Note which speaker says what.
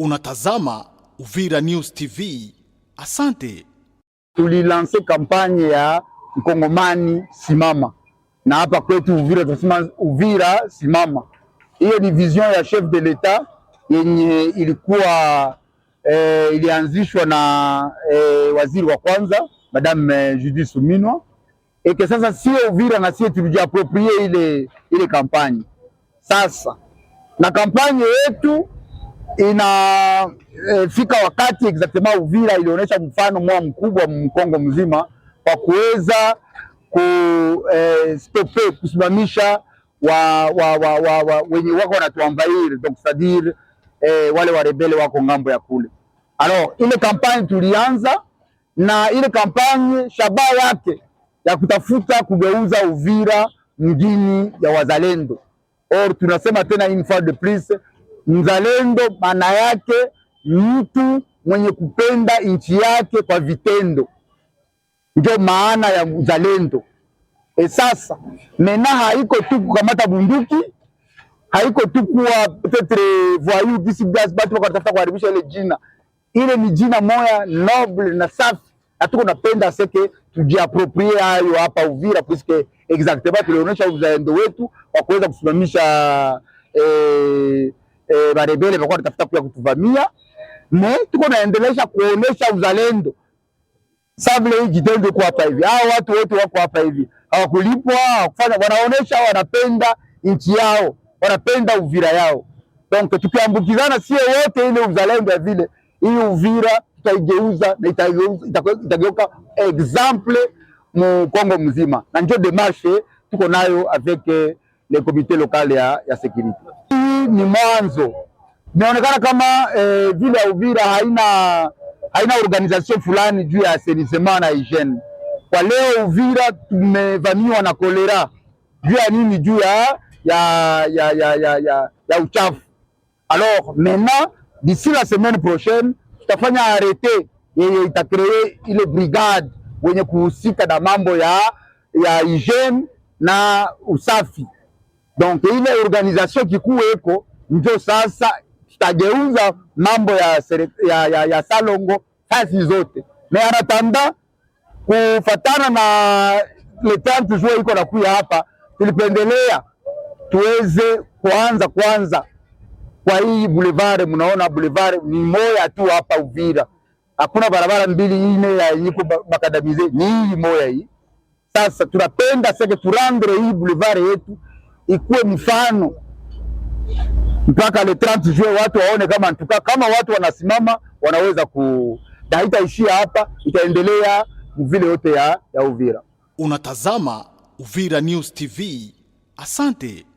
Speaker 1: Unatazama Uvira News TV. Asante.
Speaker 2: Tulilanse kampanye ya Mkongomani simama, na hapa kwetu Uvira tunasema Uvira simama. Hiyo ni vision ya chef de l'etat yenye ilikuwa e, ilianzishwa na e, waziri wa kwanza Madame eh, Judith Suminwa eke. Sasa sio Uvira na sie tulijiaproprie ile ile kampanye sasa, na kampanye yetu inafika e, wakati Exatema Uvira ilionyesha mfano mwaa mkubwa mkongo mzima kwa kuweza ku e, stope kusimamisha wa, wa, wa, wa, wa, wenye wako wanatuamvair donc c'est-à-dire e, wale warebele wako ngambo ya kule. Alors ile kampanye tulianza na ile kampanye shabaha yake ya kutafuta kugeuza Uvira mjini ya wazalendo. Or tunasema tena une fois de plus Mzalendo maana yake mtu mwenye kupenda nchi yake kwa vitendo, ndio maana ya mzalendo. E, sasa mena haiko tu kukamata bunduki, haiko tu kuwa tetre voyou disi basi batu wakatafuta kuharibisha ile jina. Ile ni jina moya noble na safi, atuko napenda seke tujiaproprie hayo hapa Uvira, puisque exactement tulionyesha uzalendo wetu wa kuweza kusimamisha eh, e, barebele walikuwa wanatafuta kuja kutuvamia, me tuko naendelesha kuonesha uzalendo. Sasa hii jitendo iko hapa hivi, hao watu wote wako hapa hivi, hawakulipwa hawakufanya, wanaonesha wanapenda nchi yao, wanapenda Uvira yao. Donc tukiambukizana sio wote ile uzalendo ya vile hii Uvira tutaigeuza na itageuka example mu Kongo mzima, na ndio demarche tuko nayo avec le comité local ya, ya security ni mwanzo, imeonekana kama eh, vile ya Uvira haina haina organization fulani juu ya assainissement na hygiene. Kwa leo Uvira tumevamiwa na kolera juu ya nini? Juu ya ya, ya, ya, ya, ya, ya uchafu. Alors maintenant d'ici la semaine prochaine tutafanya arete yenye itakree ile brigade wenye kuhusika na mambo ya ya hygiene na usafi. Donc ile organisation eko njo sasa tutageuza mambo ya, ya, ya, ya salongo fasi zote me anatanda kufatana na letantujua iko nakuya hapa, tulipendelea tuweze kuanza kwanza kwa hii boulevard. Mnaona boulevard ni moya tu hapa Uvira, hakuna barabara mbili ine yanyiko makadamize, ni hii moya hii. Sasa tunapenda seke turandre hii boulevard yetu ikuwe mfano mpaka le 30 juin, watu waone kama ntuka, kama watu wanasimama wanaweza ku na haitaishia hapa, itaendelea mvile yote ya, ya Uvira.
Speaker 1: Unatazama Uvira News TV. Asante.